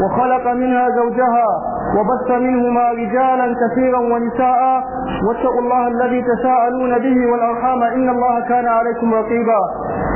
وخلق منها زوجها وبث منهما رجالا كثيرا ونساء واتقوا الله الذي تساءلون به والأرحام إن الله كان عليكم رقيبا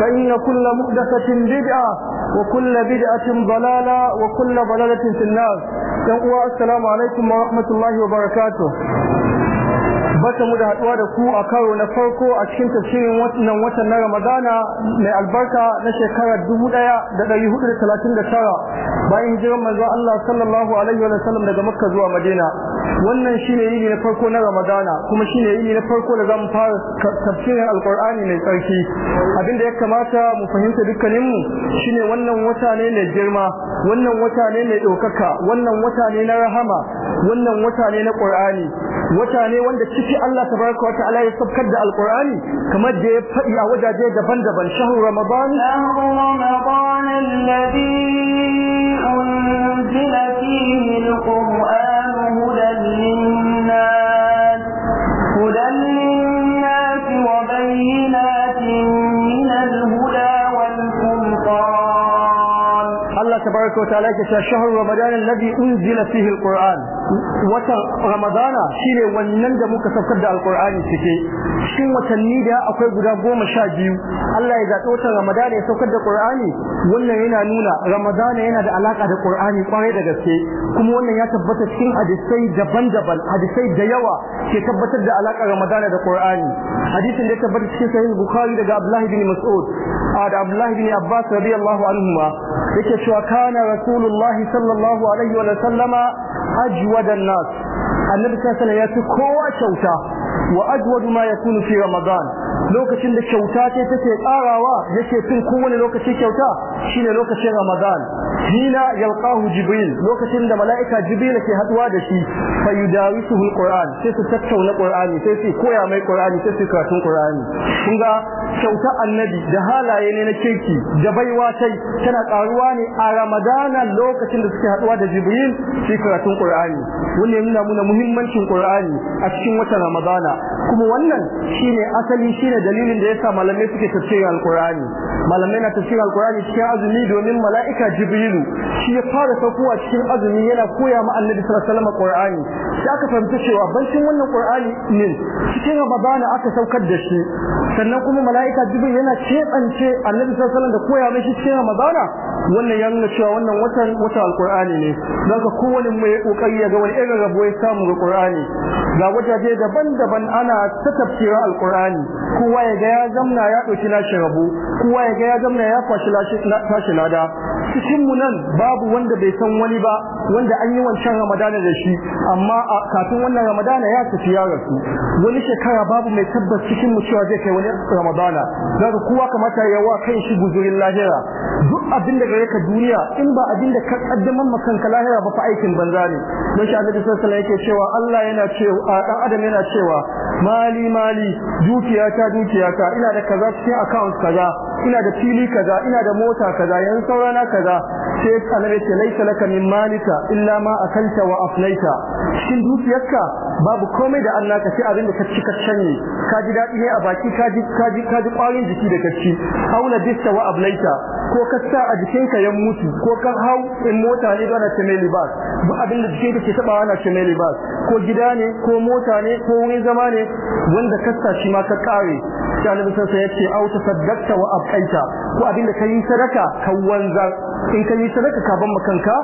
فإن كل محدثة بدعة وكل بدعة ضلالة وكل ضلالة في النار السلام عليكم ورحمة الله وبركاته Albarka mu da haduwa da ku a karo na farko a cikin tafsirin wannan watan na Ramadana mai albarka na shekarar 1439 bayan hijirar manzo Allah sallallahu alaihi wa sallam daga Makka zuwa Madina wannan shine yini na farko na Ramadana kuma shine yini na farko da zamu fara tafsirin Alqur'ani mai tsarki abinda ya kamata mu fahimta dukkanin mu shine wannan wata ne mai girma wannan wata ne mai ɗaukaka wannan wata ne na rahama wannan wata ne na Qur'ani wata ne wanda ciki Allah tabaraka wa ta'ala ya sabkar da alqur'ani kamar da ya fadi a wajaje daban-daban shahru ramadan shahru ramadan alladhi unzila fihi alqur'an hudan linnas hudan linnas wa bayyinatin min alhuda wal furqan Allah tabaraka wa ta'ala ya shahru ramadan alladhi unzila fihi alqur'an watan ramadana shine wannan da muka saukar da alqur'ani cike shin watanni da akwai guda goma sha biyu Allah ya zaɓi watan ramadana ya saukar da qur'ani wannan yana nuna ramadana yana da alaka da qur'ani kwarai da gaske kuma wannan ya tabbata cikin hadisai daban-daban hadisai da yawa ke tabbatar da alaka ramadana da qur'ani hadisin da ya tabbata cikin sahih bukhari daga abdullahi bin mas'ud da abdullahi bin abbas radiyallahu anhu yake cewa kana rasulullahi sallallahu alaihi wa sallama ajwada nas annabi sallallahu alaihi ya fi kowa kyauta wa ajwadu ma yakunu fi ramadan lokacin da kyauta ce take karawa yake fin kowane lokacin kyauta shine lokacin Ramadan hina yalqahu Jibril lokacin da mala'ika Jibril ke haɗuwa da shi fayudarisuhu alquran sai su tattauna qur'ani sai su koya mai qur'ani sai su karatu qur'ani kun ga kyauta annabi da halaye ne na kirki da baiwa sai tana karuwa ne a Ramadana lokacin da suke haɗuwa da Jibril su karatu qur'ani wannan yana nuna muhimmancin qur'ani a cikin watan Ramadana kuma wannan shine asali shi shine dalilin da yasa malamai suke tafsirin alqur'ani malamai na tafsirin alqur'ani cikin azumi domin mala'ika jibrilu shi ya fara saukowa cikin azumi yana koya ma annabi sallallahu alaihi wasallam qur'ani sai aka fahimta cewa bankin wannan qur'ani ne cikin ramadana aka saukar da shi sannan kuma malaika jibril yana cebance annabi sallallahu alaihi wasallam da koya cikin ramadana wannan ya nuna cewa wannan watan wata alqur'ani ne don ka kowane mai kokari ya ga wani irin rabo ya samu ga qur'ani ga wajaje daban-daban ana ta tafsira alqur'ani kowa ya ga ya zamna ya dauki nashi rabo kowa ya ga ya zamna ya kwashi lashi lada cikinmu nan babu wanda bai san wani ba wanda an yi wancan ramadana da shi amma kafin wannan ramadana ya tafi ya rasu wani shekara babu mai tabbas cikinmu cewa zai kai wani ramadana zaka kowa kamata ya wa kan shi guzurin lahira duk abin da gare ka duniya in ba abin da ka kaddaman ma kanka lahira ba fa aikin banza ne don shi annabi sallallahu alaihi yake cewa Allah yana cewa dan adam yana cewa mali mali dukiya ta dukiya ta ina da kaza cikin account kaza ina da fili kaza ina da mota kaza yan saurana kaza sai annabi ce laisa laka min malika illa ma akalta wa aflaita shin dukiyarka babu komai da Allah ka ci abin da ka ci ka canye ka ji dadi ne a baki ka ji ka ji ka ji kwarin jiki da kaci aula bisa wa aflaita ko ka sa a jikinka ya mutu ko ka hau in mota ne ana ce mai libas ba abin da jikinka ke taba ana ce libas ko gida ne ko mota ne ko wani zama ne wanda ka sa shi ma ka kare sai annabi sai ya ce au tasaddaqta wa abqaita ko abin da kai sadaka ka wanzar in ka yi sadaka kaban ban makanka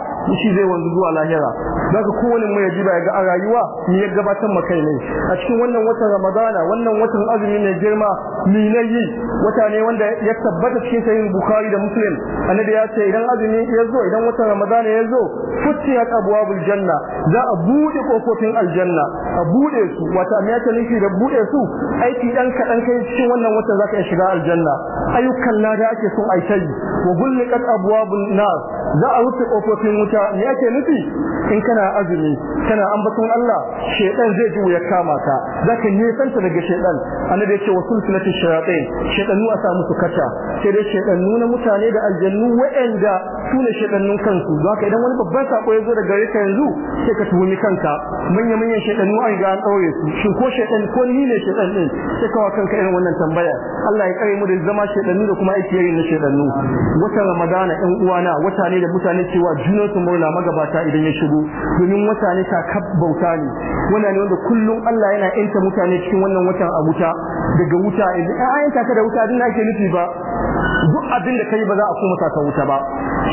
shi zai wanzu zuwa lahira zaka kowane mai ya ga a rayuwa ni ya gabatar maka ne a cikin wannan watan ramadana wannan watan azumi ne girma ni na yi wata ne wanda ya tabbata cikin sahihin bukhari da muslim annabi ya ce idan azumi ya zo idan watan ramadana ya zo futiyat abwabul janna za a bude kofofin aljanna a bude su wata ne ya nufi da bude su aiki dan kadan kai cikin wannan watan zaka shiga aljanna ayyukan lada ake son aitai wa gulliqat abwabul nas za a rufe kofofin wuta me yake nufi in kana azumi kana ambaton Allah shedan zai ji ya kama ka zaka ne santa daga shedan annabi ya ce wasul sunati shayatin shedanu a samu su kata sai dai shedanu na mutane da aljannu waɗanda su ne shedanun kansu zaka idan wani babban sako ya zo daga gare ka yanzu sai ka tuhumi kanka manya manyan shedanu a ga an daure su shin ko shedan ko ni ne shedan din sai ka wa kanka irin wannan tambaya Allah ya kare mu da zama shedanu da kuma aiki irin na shedanu wata ramadana ɗan uwa ramadana wata ne da mutane cewa junansu murna magabata idan ya shigo domin wata ta kab bauta ne wannan ne wanda kullum Allah yana yanta mutane cikin wannan watan a wuta daga wuta idan an ka da wuta din ake nufi ba duk abin da kai ba za a koma saka wuta ba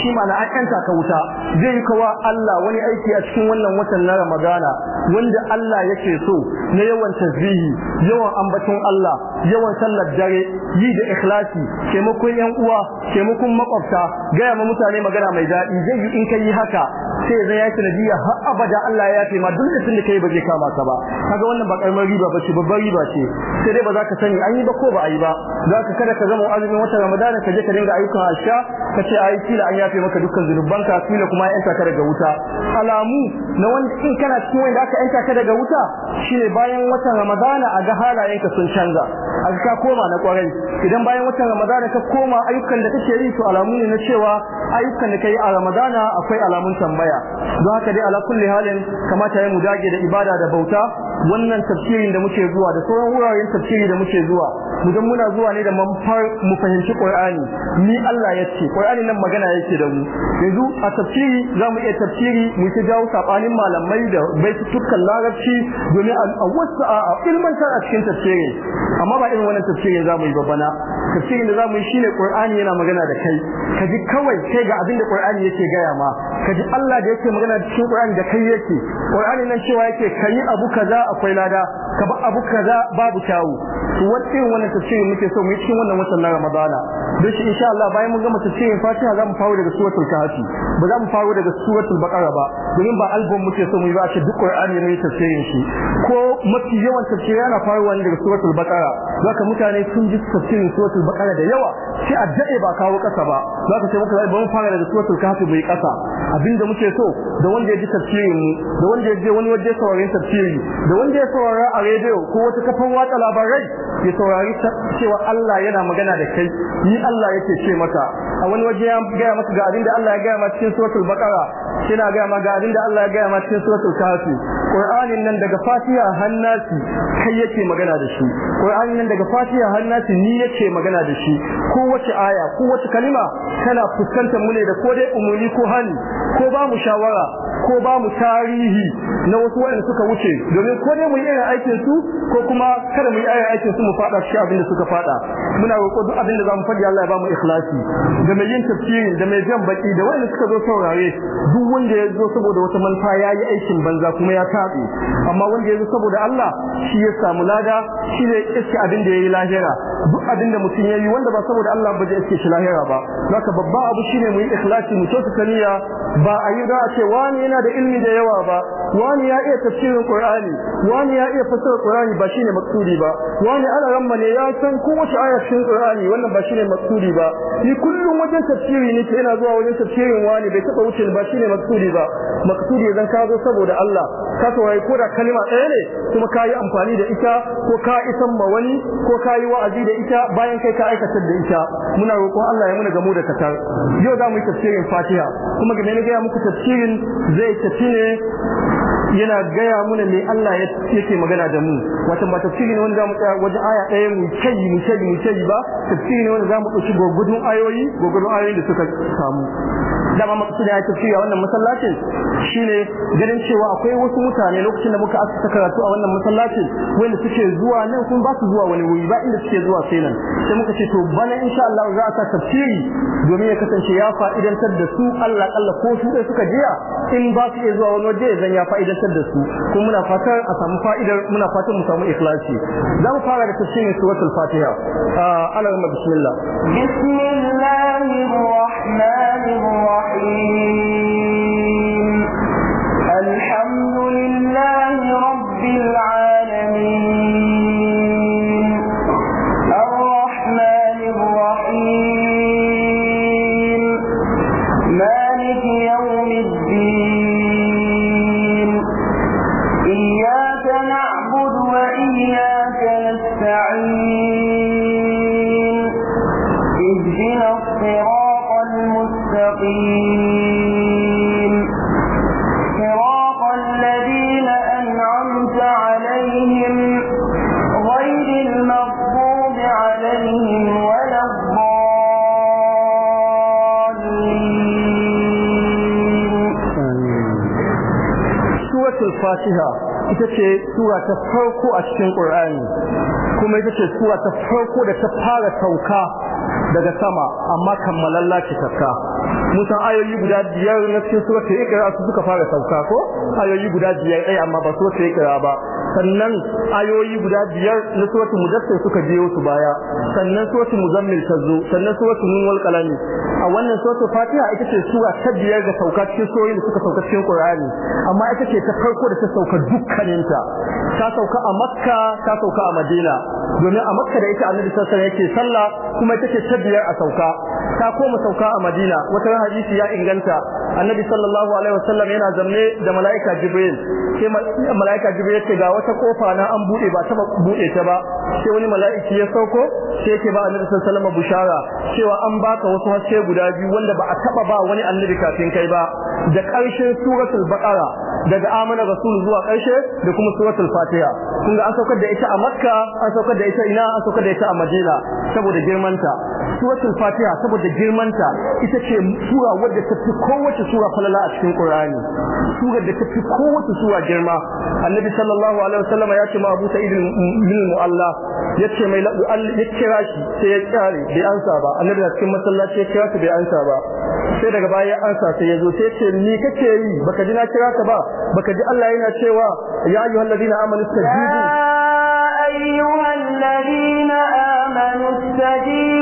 shi ma na akanta ka wuta zai yi kawa Allah wani aiki a cikin wannan watan na Ramadana wanda Allah yake so na yawan tasbihi yawan ambaton Allah yawan sallar dare yi da ikhlasi taimakon yan uwa taimakon makwabta gaya ma mutane magana mai daɗi zai yi in ka yi haka sai zai yaki nadiya har abada Allah ya yafe ma duk da tun kai ba zai kama ka ba kaga wannan ba karamar riba ba ce babbar riba ce sai dai ba za ka sani an yi ba ko ba a yi ba za ka kada ka zama azumin watan Ramadana ka je ka dinga ayyukan asha ka ce ai kila an yafe maka dukkan zunubanka kila kuma yanta ka daga wuta alamu na wanda in kana cikin wanda aka yanta ka daga wuta shine bayan watan ramadana a ga halayenka sun canza a ka koma na kwarai idan bayan watan ramadana ka koma ayyukan da kake yi to alamu ne na cewa ayyukan da kai a ramadana akwai alamun tambaya don haka dai ala kulli halin kamata ya mu dage da ibada da bauta wannan tafsirin da muke zuwa da sauran wuraren tafsiri da muke zuwa mu dan muna zuwa ne da mun fahimci Qur'ani ni Allah yace Qur'ani nan magana yake da mu yanzu a tafsiri za mu iya tafsiri mu ta jawo sabanin malamai da baitutukan larabci domin a wasu a ilmantar a cikin tafsiri amma ba irin wannan tafsirin za mu yi bana. tafsirin da za mu yi shine qur'ani yana magana da kai ka ji kawai kai ga abin da qur'ani yake gaya ma ka ji Allah da yake magana cikin qur'ani da kai yake qur'ani nan cewa yake kai abu kaza akwai lada ka ba abu kaza babu kyawu to wani wannan tafsirin muke so mu yi cikin wannan watan na Ramadana don shi insha Allah bayan mun gama tafsirin Fatiha za mu daga suratul Kahfi ba za mu faro daga suratul Baqara ba domin ba album muke so mu yi ba a ce duk Qur'ani ne tafsirin shi ko mafi yawan tafsiri yana faruwa ne daga suratul Baqara zaka mutane sun ji tafsirin suratul Baqara da yawa sai a dade ba kawo kasa ba zaka ce maka ba mu fara daga suratul Kahfi mu yi kasa abinda muke so da wanda ya ji tafsirin mu da wanda ya je wani waje sauraron tafsiri da wanda ya saurara a rediyo ko wata kafan watsa labarai ya saurari cewa Allah yana magana da kai ni Allah yake ce maka a wani waje ya gaya maka ga abin da Allah ya gaya ma cikin suratul baqara kina gaya ma ga abin da Allah ya gaya ma cikin suratul kafi qur'anin nan daga fatiha hannasi kai yake magana da shi qur'anin nan daga fatiha hannasi ni yake magana da shi ko wace aya ko wace kalima tana fuskantar mu ne da ko dai umuni ko hani ko ba mu shawara ko ba mu tarihi na wasu wanda suka wuce domin ko dai mu yi irin aikin ko kuma kada mu yi aikin dace su mu fada cikin abin da suka fada muna roƙo duk abin da zamu faɗi Allah ya ba mu ikhlasi da mai yin tafsiri da mai jan baki da wanda suka zo saurare duk wanda ya zo saboda wata manfa ya yi aikin banza kuma ya tabi amma wanda ya zo saboda Allah shi ya samu lada shi ne iske abin da ya yi lahira duk abin da mutum ya yi wanda ba saboda Allah ba zai iske shi lahira ba haka babban abu shine mu yi ikhlasi mu kyautata niyya ba a yi da a ce wani yana da ilmi da yawa ba wani ya iya tafsirin qur'ani wani ya iya fasara qur'ani ba shine maksudi ba wani ala ramma ne ya san kowace aya cikin qur'ani wannan ba shine maksudi ba ni kullum wajen tafsiri ne ke ina zuwa wajen tafsirin wani bai taba wuce ba shine maksudi ba maksudi zan ka zo saboda Allah ka so ko da kalima ɗaya ne kuma ka yi amfani da ita ko ka isan ma wani ko ka yi wa'azi da ita bayan kai ka aikatar da ita muna roƙon Allah ya muna gamu da katar yau za mu yi tafsirin Fatiha kuma game ne ga muku tafsirin zai tafi ne yana gaya mana me Allah yake magana da mu wato ba tafsiri ne wanda zamu tsaya wajen aya ɗaya mu kai mu kai mu kai ba tafsiri ne wanda zamu ɗauki gogudun ayoyi gogudun ayoyin da suka samu dama maksudin ya tafsiri a wannan masallacin shine ganin cewa akwai wasu mutane lokacin da muka asusa karatu a wannan masallacin wanda suke zuwa nan kun ba su zuwa wani wuri ba inda suke zuwa sai nan sai muka ce to bana insha Allah za a sa tafsiri domin ya kasance ya fa'idantar da su Allah Allah ko su suka jiya in ba su iya zuwa wani waje zan ya fa'idantar aiwatar da su kuma muna fatan a samu fa'idar muna fatan mu samu ikhlasi za mu fara da tafsirin suratul fatiha ah, alama bismillah bismillahir rahmanir rahim ita ce sura ta farko a cikin Qur'ani kuma ita ce sura ta farko da ta fara sauka daga sama amma kammalalla ce takka musan ayoyi guda biyar na cikin sura ta Iqra su suka fara sauka ko ayoyi guda biyar ɗaya amma ba sura ta Iqra ba sannan ayoyi guda biyar na suratul mudaththir suka biyo su baya sannan suratul muzammil ta zo sannan suratul nun wal qalam a wannan suratul fatiha ita ce suwa ta biyar da sauka cikin soyayya da suka sauka cikin qur'ani amma ita ce ta farko da ta sauka dukkaninta ta sauka a makka ta sauka a madina domin a makka da ita annabi sallallahu alaihi wasallam yake sallah kuma ita ce ta biyar a sauka ta koma sauka a madina wata hadisi ya inganta annabi sallallahu alaihi wasallam yana zamne da malaika jibril sai malaika jibril ce ga wata kofa na an bude ba taba bude ta ba sai wani malaiki ya sauko sai yake ba annabi sallallahu alaihi wasallam bushara cewa an baka wasu haske guda biyu wanda ba a taba ba wani annabi kafin kai ba da karshen suratul baqara daga amana rasul zuwa karshe da kuma suratul fatiha kun ga an saukar da ita a makka an saukar da ita ina an saukar da ita a madina saboda girmanta suratul fatiha saboda girmanta ita ce sura wadda ta fi kowace sura falala a cikin qur'ani sura da ta fi kowace sura girma annabi sallallahu alaihi wasallam ya ce ma abu sa'id bin mu'alla ce mai ladu ya kira shi sai ya kare bai ansa ba annabi a cikin masallaci ya kira shi bai ansa ba sai daga baya ya ansa sai ya zo sai ya ce ni kake yi baka ji na kira ka ba baka ji Allah yana cewa ya ayyuhal ladina amanu istajibu ya ayyuhal ladina amanu istajibu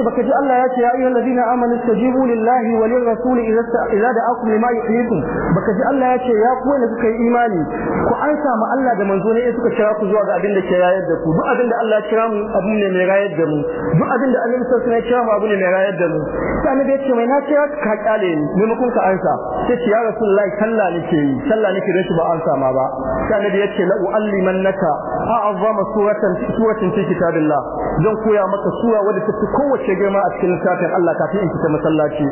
ce baka ji Allah ya ce ya ayyuhal ladina amanu istajibu lillahi wa lir rasul idza da'akum lima yuhyikum baka ji Allah ya ce ya ku wanda suka yi imani ku an samu Allah da manzo ne suka kira ku zuwa ga abin da ke rayar da ku duk abin da Allah ya kira mu abu ne mai rayar da mu duk abin da Annabi sallallahu alaihi kira mu abu ne mai rayar da mu sai Annabi ya ce mai na kira ka kyale ni maimakon ka ansa sai ce ya rasulullahi sallah nake yi sallah nake da shi ba ansa ma ba sai Annabi ya ce la u'allimannaka a'azzama suratan suratin fi kitabillah zan koya maka sura wadda ta fi kowace girma a cikin littafin Allah kafin in fita masallaci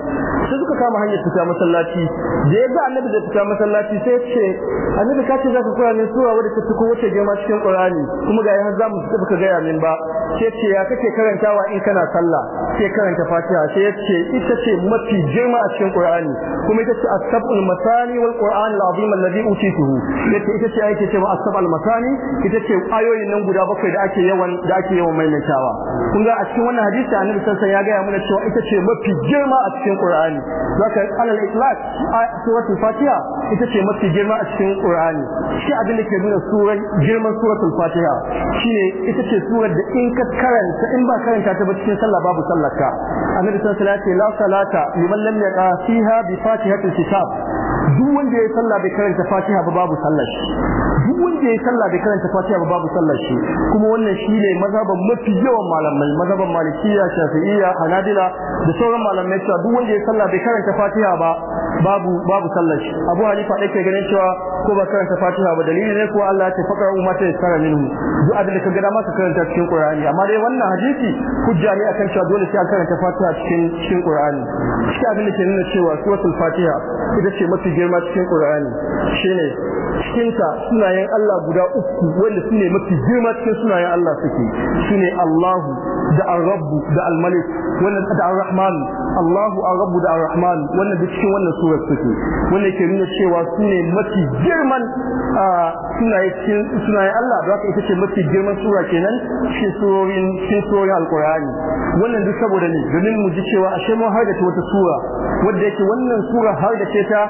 sai suka kama hanyar fita masallaci da ya annabi zai fita masallaci sai ya ce annabi ka ce zaka koya min sura wadda ta fi kowace girma cikin Qur'ani kuma ga yanzu zamu fita ka gaya min ba sai ce ya kake karantawa in kana sallah sai karanta Fatiha sai ya ce ita ce mafi girma a cikin Qur'ani kuma ita ce as masani wal Qur'an al-azim alladhi utituhu ita ce ita ce ake masani ita ce ayoyin nan guda bakwai da ake yawan da ake yawan maimaita aikatawa kun ga a cikin wannan hadisi annabi sallallahu ya gaya mana cewa ita ce mafi girma a cikin Qur'ani zaka alal itlaq suratul fatiha ita ce mafi girma a cikin Qur'ani shi abin da ke nuna surar girman suratul fatiha shine ita ce surar da in ka karanta in ba karanta ta ba cikin sallah babu sallaka annabi sallallahu alaihi wasallam ya ce la salata liman lam yaqa fiha bi fatihatil kitab duk wanda ya sallah bai karanta Fatiha ba babu sallar shi duk wanda sallah bai karanta Fatiha ba babu sallar shi kuma wannan shine mazhaban mafi yawan malamai mazhaban Malikiya Shafi'iyya Hanabila da sauran malamai cewa duk wanda ya sallah bai karanta Fatiha ba babu babu sallar shi Abu Hanifa dake ganin cewa ko ba karanta Fatiha ba dalili ne ko Allah ya ce fakar umma ta tsara minhu duk abin da kaga dama ka karanta cikin Qur'ani amma dai wannan hadisi hujja ne akan cewa dole sai an karanta Fatiha cikin cikin Qur'ani shi abin da ke nuna cewa suratul Fatiha ita ce mafi girma cikin Qur'ani shine cikinta sunayen Allah guda uku wanda su ne mafi girma cikin sunayen Allah suke su ne Allahu da Ar-Rabbu da Al-Malik wannan da Ar-Rahman Allahu Ar-Rabbu da Ar-Rahman wannan duk cikin wannan surar suke wannan ke nuna cewa su ne mafi girman sunaye cikin sunayen Allah da haka ita ce mafi girman sura kenan cikin surorin cikin surorin Al-Qur'ani wannan duk saboda ne domin mu ji cewa ashe mun har da wata sura wanda yake wannan sura har da ce ta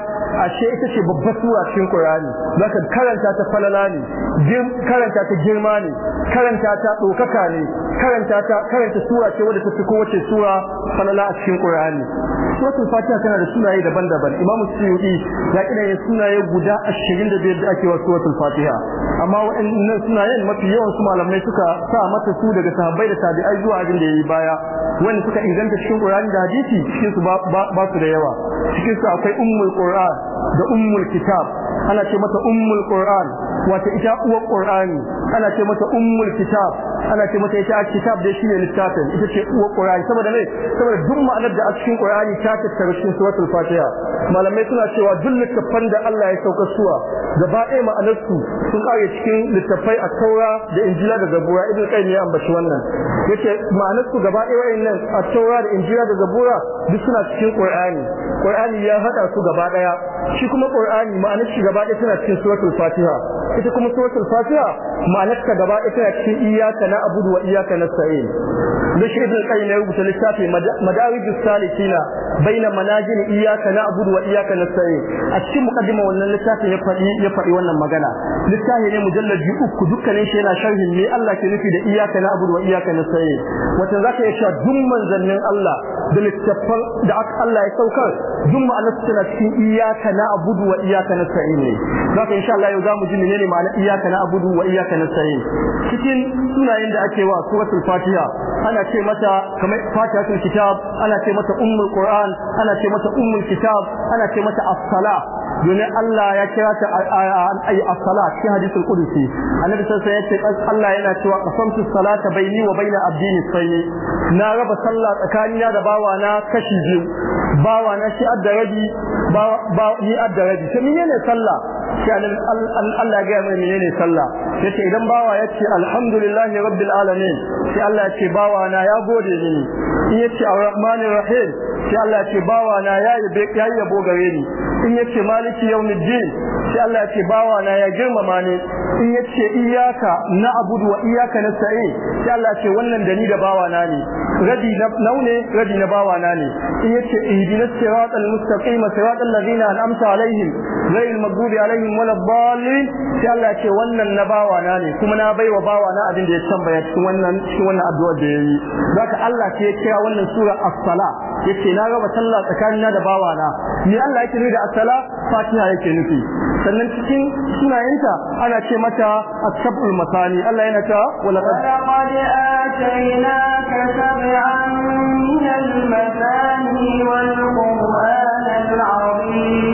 ashe ita ce babbar sura cikin Qur'ani zaka karanta ta falala ne karanta ta girma ne karanta ta ɗaukaka ne karanta ta karanta sura ce wadda ta fi kowace sura falala a cikin Qur'ani suratul fatiha tana da sunaye daban-daban imamu suyuti ya kira ya sunaye guda 25 da ake wa suratul fatiha amma waɗannan sunayen mafi yawan su malamai suka sa mata su daga sahabbai da tabi'ai zuwa abin da yayi baya wanda suka inganta cikin Qur'ani da hadisi cikin su ba su da yawa cikin su akwai ummul Qur'an da ummul kitab ana ce mata ummul qur'an wata ita uwar qur'ani ana ce mata ummul kitab ana ce mata ita kitab da shine littafin ita ce uwar qur'ani saboda ne, saboda duk ma'anar da a cikin qur'ani ta tattara cikin suratul fatiha malamai suna cewa duk littafan da Allah ya sauka suwa gaba ɗaya ma'anar su sun kare cikin littafai a taura da injila da zabura ibn qayyim ya ambaci wannan yace ma'anar su gaba ɗaya wayannan a taura da injila da zabura duk suna cikin qur'ani qur'ani ya hada su gaba ɗaya shi kuma qur'ani ma'anar shi gaba ɗaya tana cikin suratul fatiha ita kuma suratul fatiha ma'anar ta gaba ɗaya tana cikin iyyaka na'budu wa iyyaka nasta'in da shi ibn qayyim ya rubuta littafi madarijus salikina baina manajil iyyaka na'budu wa iyyaka nasta'in a cikin muqaddima wannan littafi ya faɗi ya faɗi wannan magana littafi ne mujallaji uku dukkanin shi yana sharhin me Allah ke nufi da iyyaka na'budu wa iyyaka nasta'in wata zaka iya cewa duk manzannin Allah da littafan da aka Allah ya saukar duk ma'anar su tana cikin iyyaka na'budu wa iyyaka nasta'in ne zaka insha Allah yau zamu ji menene ma'anar iyyaka na'budu wa iyyaka nasta'in cikin sunayen da ake wa suratul fatiha ana ce mata kamar fatihatul kitab ana ce mata ummul qur'an ana ce mata ummul kitab ana ce mata as domin Allah ya kira ta ayi as-salat shi hadisul qudsi annabi sallallahu alaihi wasallam ya ce Allah yana cewa qasamtu salata baini wa baina abdi sayyi na raba sallah tsakanina da bawa na kashi biyu bawa na shi adda rabi ba ni adda rabi menene sallah sai Allah ya ga menene sallah yace idan bawa yace alhamdulillahi rabbil alamin sai Allah ya ce bawa na ya gode mini in yace arrahmanir rahim sai Allah ce bawa na ya yi yabo gare ni in yace maliki yawmiddin sai Allah ce bawa na ya girmama ni in yace iyyaka na'budu wa iyyaka nasta'in sai Allah ce wannan da ni da bawa na ne radi na naune radi na bawa na ne in yace ihdinas siratal mustaqim siratal ladina an'amta alaihim ghayril maghdubi alaihim waladdallin sai Allah ce wannan na bawa na ne kuma na baiwa bawa na abin da ya tambaya cikin wannan cikin wannan addu'a da yayi zaka Allah ce ya kira wannan sura as-salah yace na raba sallah tsakanina da bawana ni Allah yake nufi da as-sala fatiha yake nufi sannan cikin sunayenta ana ce mata as-sab'ul masani Allah yana ta wala qad atainaka sab'an min al-masani wal qur'an al-azim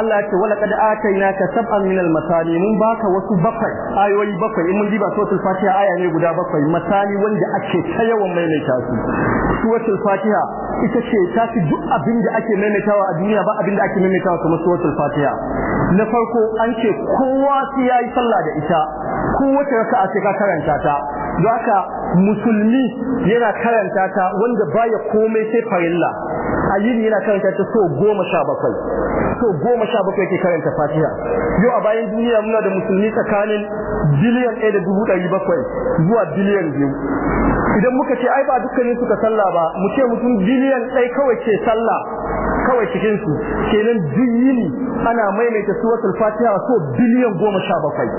Allah ya ce wala kad atainaka sab'an min al-masani mun baka wasu bakwai ayoyi bakwai in mun diba suratul fatiha aya ne guda bakwai masani wanda ake ta yawan maimaita su suratul fatiha ita ce ta fi duk abin da ake maimaitawa a duniya ba abin da ake maimaitawa kamar suratul fatiha na farko an ce kowa sai yayi sallah da ita kowace raka'a sai ka karanta ta don haka musulmi yana karanta ta wanda baya komai sai farilla ayyini yana karanta ta so goma sha bakwai so goma sha bakwai karanta fatiha yau a bayan duniya muna da musulmi tsakanin biliyan ɗaya da dubu zuwa biliyan biyu idan muka ce ai ba dukkanin suka salla ba mu ce mutum biliyan ɗaya kawai ke salla, kawai cikin su kenan duk ana maimaita suratul fatiha so biliyan goma sha bakwai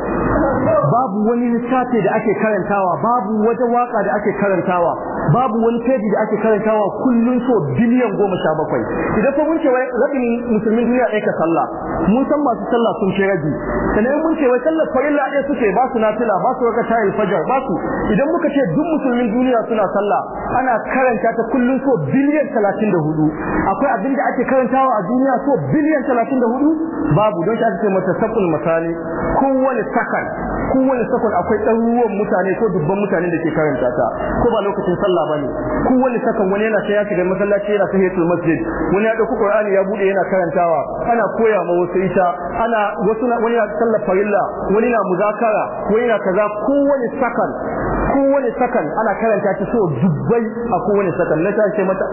babu wani littafi da ake karantawa babu wata waka da ake karantawa babu wani peji da ake karantawa kullun so biliyan goma sha bakwai idan fa mun ce wai rabin musulmin duniya ɗaya ka sallah mun san masu sallah sun ce rabi sannan mun ce wai sallar farilla ɗaya suke ba su nafila ba su raka tayil fajar ba su idan muka ce duk musulmin duniya suna sallah ana karanta ta kullun so biliyan talatin da hudu akwai abin da ake karantawa a duniya so biliyan talatin da hudu babu don shi ake ce mata sakul misali kowane sakan kowane sakan akwai ruwan mutane ko dubban mutane da ke karanta ta ko ba lokacin sallah Allah bane wani sakan wani yana sai ya shiga masallaci yana tahiyatul masjid wani ya dauki qur'ani ya bude yana karantawa ana koya ma wasu ita ana wasu wani na sallar farilla wani na muzakara wani na kaza wani sakan kowane sakan ana karanta ta so dubbai a kowane sakan na ta ce mata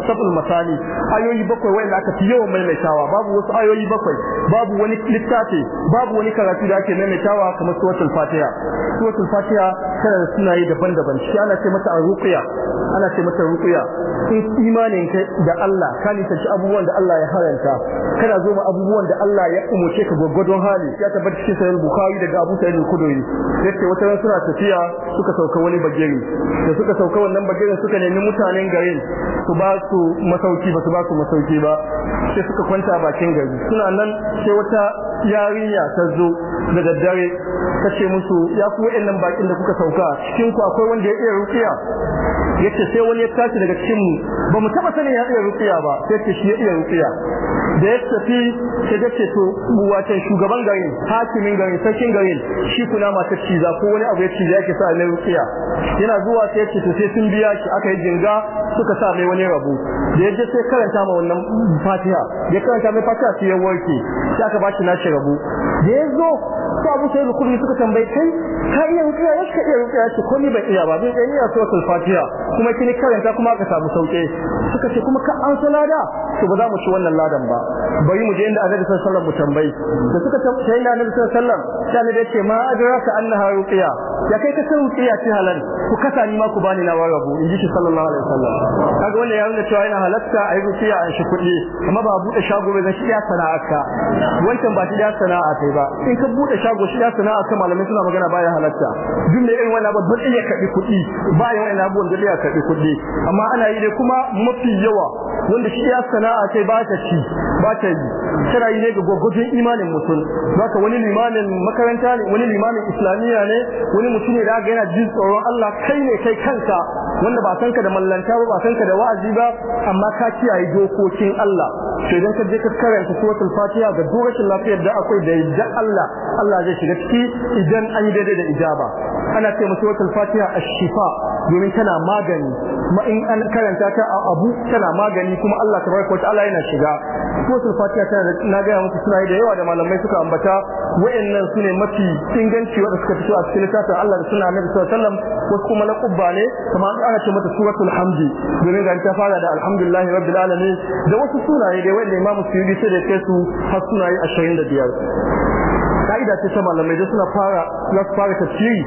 asabul masali ayoyi bakwai wanda aka fi yawan maimaitawa babu wasu ayoyi bakwai babu wani littafi babu wani karatu da ake maimaitawa kamar suratul fatiha suratul fatiha tana da sunaye daban-daban shi ana ce mata ruqya ana ce mata ruqya in imanin ka da Allah ka nisanci abubuwan da Allah ya haranta kana zo ma abubuwan da Allah ya umuce ka gwaggwadon hali ya tabbata cikin sahih bukhari daga abu sa'id al-khudri yace wata ran suna tafiya suka sauka wani bagiri da suka sauka wannan bagirin suka nemi mutanen garin su ba su masauki ba su ba su masauki ba sai suka kwanta bakin gari suna nan sai wata yarinya ta zo da daddare ta ce musu ya ku wa'annan bakin da kuka sauka cikin ku akwai wanda ya iya rukiya yace sai wani ya tashi daga cikin mu ba mu taba sanin ya iya rukiya ba sai ce shi ya iya rukiya da ya tafi sai ta ce to watan shugaban garin hakimin garin sarkin garin shi kuna matar ciza ko wani abu ya ciza ya sa mai rukiya yana zuwa sai ce sai sun biya shi aka yi jinga suka sa mai wani rabu da yaje sai karanta ma wannan fatiha ya karanta mai fatiha sai ya warke sai aka ba shi nashi rabu da ya zo sai abu sai rukuni suka tambaye kai ka iya ya yake iya rukiya shi ko ni ban iya ba bin iya suratul fatiya kuma kini karanta kuma ka samu sauke suka ce kuma ka an salada to ba za mu ci wannan ladan ba bari mu je inda annabi sallallahu alaihi wasallam mu tambayi da suka tambaye inda annabi sallallahu alaihi wasallam sai annabi ya ce ma adraka annaha rukiya ya kai ka san ya ce halal ku kasa ni ma ku bani na wayo in ji shi sallallahu alaihi wasallam kaga wannan ya nuna cewa yana halatta a yi rufiya a shi kuɗi amma ba buɗe shago ba zai ya sana'a ka wancan ba shi ya sana'a kai ba in ka buɗe shago shi ya sana'a ka malamai suna magana baya halatta duk da irin wannan babban iya kaɗi kuɗi ba ya wani abubuwan da ya kaɗi kuɗi amma ana yi ne kuma mafi yawa wanda shi ya sana'a kai ba ta ci ba ta yi tana yi ne ga gwagwajin imanin mutum zaka wani limanin makaranta ne wani limanin islamiyya ne wani mutum ne da yana jin tsoron Allah kai ne kai kanka wanda ba san ka da mallanta ba ba san ka da wa'azi ba amma ka kiyaye dokokin Allah to idan ka je ka karanta suratul fatiha ga durashin lafiyar da akwai da yadda Allah Allah zai shiga ciki idan an yi daidai da ijaba ana ce musu suratul fatiha ash-shifa domin tana magani ma in an karanta ta a abu tana magani kuma Allah tabaraka ta'ala yana shiga suratul fatiha tana da na ga muku suna da yawa da malamai suka ambata wayannan sune mafi inganci wanda suka fito a cikin littafin Allah da sunna a sallallahu alaihi wasallam wasu kuma na kubba ne kuma ana ce mata suratul hamdi domin ga ta fara da alhamdulillahi rabbil alamin da wasu sunaye da wanda Imam Suyuti sai da ke su har suna yi ashirin 25 kaida ce ta malamai da suna fara suna fara tafsiri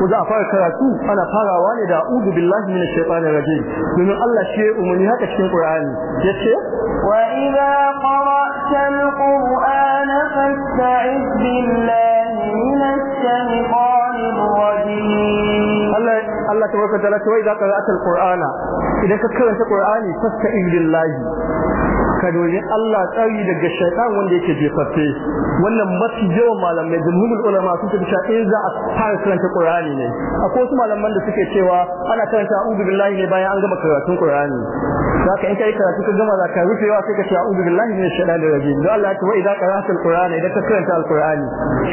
ko za a fara karatu ana farawa ne da a'udhu billahi minash shaitanir rajim domin Allah shi ya umarni haka cikin Qur'ani yace wa idza qara'tal qur'ana fasta'id billahi minash shaitanir rajim Allah Allah tabaraka wa ta'ala wai idza qara'tal qur'ana idan ka karanta Qur'ani fasta'id billahi ka roki Allah tsari daga shaytan wanda yake jefaffe wannan mafi yawan malamai jumhurul ulama suka ce in za a fara karanta Qur'ani ne akwai wasu malaman da suke cewa ana karanta a'udhu billahi ne bayan an gama karatun Qur'ani zaka in kai karatu ka gama zaka rufewa sai ka ce a'udhu billahi minash shaitanir rajim dan Allah ta wa idza qara'ta al idan ka karanta qurani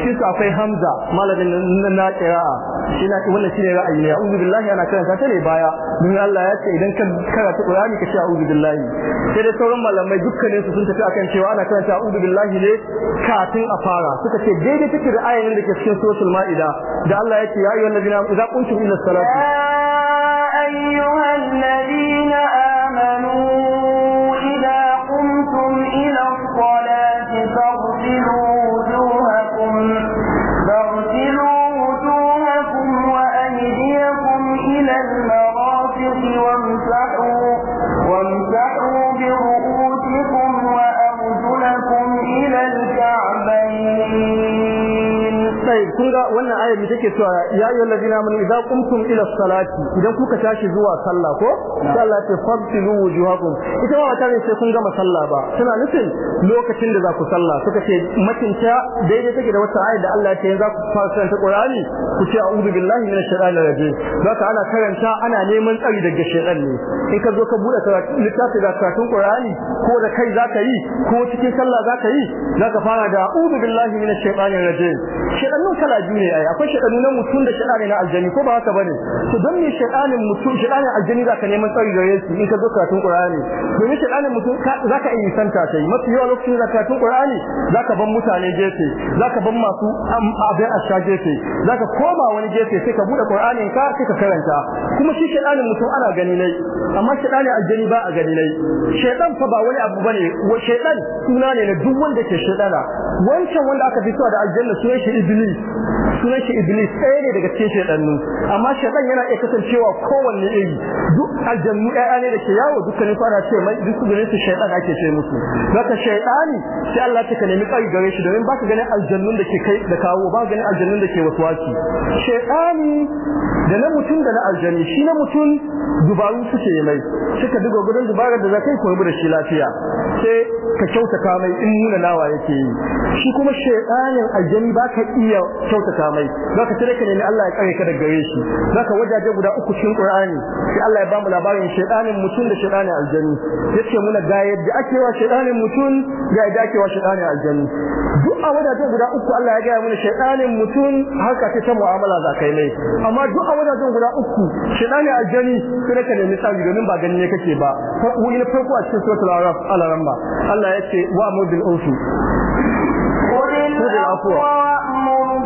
shi akwai hamza malamin na qira'a shi na wannan shine ra'ayi ne a'udhu billahi ana karanta ta ne baya Don Allah ya ce idan ka karanta Qur'ani ka ce a'udhu billahi sai da sauran malamai malamai dukkanin su sun tafi akan cewa ana karanta a'udhu billahi ne kafin a fara suka ce daidai take da ayoyin da ke cikin suratul ma'ida da Allah yake ya ayyuhallazina idza qumtum ila salati yake cewa ya ayyuhal ladina amanu idza qumtum ila salati idan kuka tashi zuwa sallah ko sallah ta fadilu wujuhakum ita ba ta sai kun gama sallah ba suna nufin lokacin da za ku sallah suka ce makinta daidai take da wata ayat da Allah ya ce za ku fara ta Qur'ani ku ce a'udhu billahi minash shaitanir rajim ka ana karanta ana neman tsari daga shaitan ne in ka zo ka bude littafi da karatun Qur'ani ko da kai za ka yi ko cikin sallah ka yi za ka fara da a'udhu billahi minash shaitanir rajim shaitan kala biyu ne ai akwai maganganu na mutum da shedani na aljani ko ba haka bane to don me shedanin mutum shedanin aljani zaka neman tsari gare su in ka zo karatun Qur'ani domin shedanin mutum zaka iya santa sai mafi yawa lokacin da karatun Qur'ani zaka ban mutane gefe zaka ban masu abin asha gefe zaka koma wani gefe sai ka bude Qur'anin ka sai ka karanta kuma shi shedanin mutum ana gani ne amma shedanin aljani ba a gani ne shedan fa ba wani abu bane wa shedan suna ne na duk wanda ke shedana wancan wanda aka fito da aljanna sunan shi iblis sunan shi iblis ɗaya ne daga cikin shaidannu amma shaidan yana iya kasancewa kowanne iri duk aljannu ɗaya ne da ke yawo dukkanin fara ce mai duk gare su shaidan ake ce musu zaka shaidani sai Allah ta nemi kai gare shi domin baka ganin aljannun da ke kai da kawo ba ganin aljannun da ke waswasi shaidani da na mutum da na aljanni shi na mutum dubaru suke mai suka duga gudan dubarar da zakai koyi da shi lafiya sai ka kyautata mai in nuna nawa yake yi shi kuma shaidanin aljanni baka iya kyautata mai zaka tare ka nemi Allah ya kare ka daga gare shi zaka wajaje guda uku cikin Qur'ani sai Allah ya ba mu labarin shedanin mutum da shedanin aljanni yace muna ga yadda ake wa shedanin mutum ga yadda ake wa shedanin aljanni duk a wajaje guda uku Allah ya ga muna shedanin mutum haka ce ta mu'amala za kai mai amma duk a wajajen guda uku shedanin aljanni sai ka nemi sabi domin ba gani ne kake ba ko ina farko a cikin suratul araf al-ramba Allah yace wa amudul urfu Qul afwa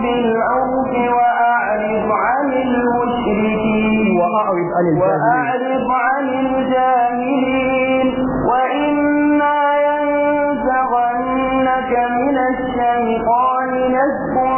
بالأرض وأعرض عن المشركين وأعرض عن الجاهلين, عن الجاهلين وإما ينزغنك من الشيطان نزغ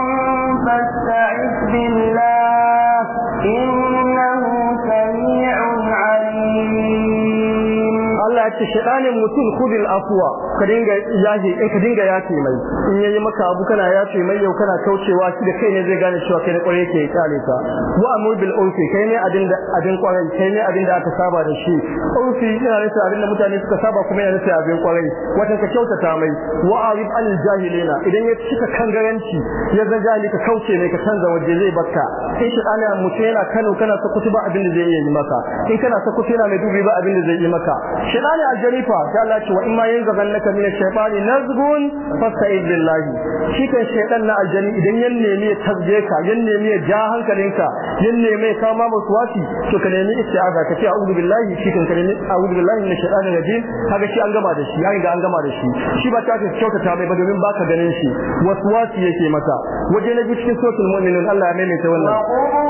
فاستعذ بالله إنه سميع عليم الله يتشغل المتون خذ الأفوى ka dinga ya eh, ce mai in yayi maka abu kana yace mai yau kana kaucewa shi da kai ne zai gane cewa kai na kwarai yake kare ka wa amur bil unfi kai ne abin da abin kwarai kai ne abin da aka saba da shi unfi yana nufin abin da mutane suka saba kuma yana nufin abin kwarai wata ka kyautata mai wa arif al jahilina idan ya cika kangaranci ya zan jahili ka kauce mai ka canza waje zai bakka sai shi ana mutum yana Kano kana sa kutuba abin da zai yi maka in kana sa yana mai dubi ba abin da zai yi maka shi ne aljarifa sai Allah ce wa in ma yanzu laka min ash-shaytani nazghun fasta'id billahi shi kan shaytan na aljani idan yan nemi tabje ka yan nemi ja hankalinka yan nemi ya kama musu wasi to ka nemi isti'aza ka ce a'udhu billahi shi kan kalmi a'udhu billahi min ash-shaytani rajim kaga shi an gama da shi yayin da an gama da shi shi ba ta ce kyauta ta mai ba domin baka ganin shi waswasi yake masa waje na biyu cikin suratul mu'minun Allah ya mai ta wannan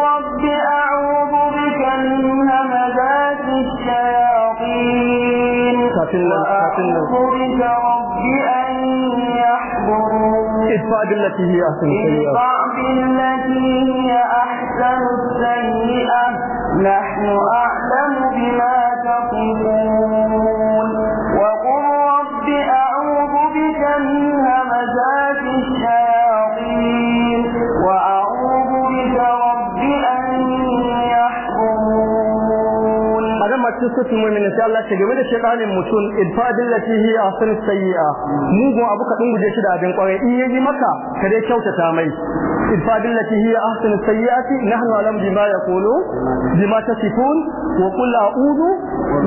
rabbi a'udhu bika min hamazati shayatin هاتلنا هاتلنا ادفع بالتي هي أحسن السيئة ادفع بالتي هي أحسن السيئة نحن أعلم بما تقولون kuntum mu'minin sai Allah ce game da shaytanin mutum idfa billati hi sayyi'a abu ka shi da abin kwarai in yayi maka ka dai kyautata mai idfa billati hi sayyi'ati nahnu alam bima yaqulu bima tasifun wa qul a'udhu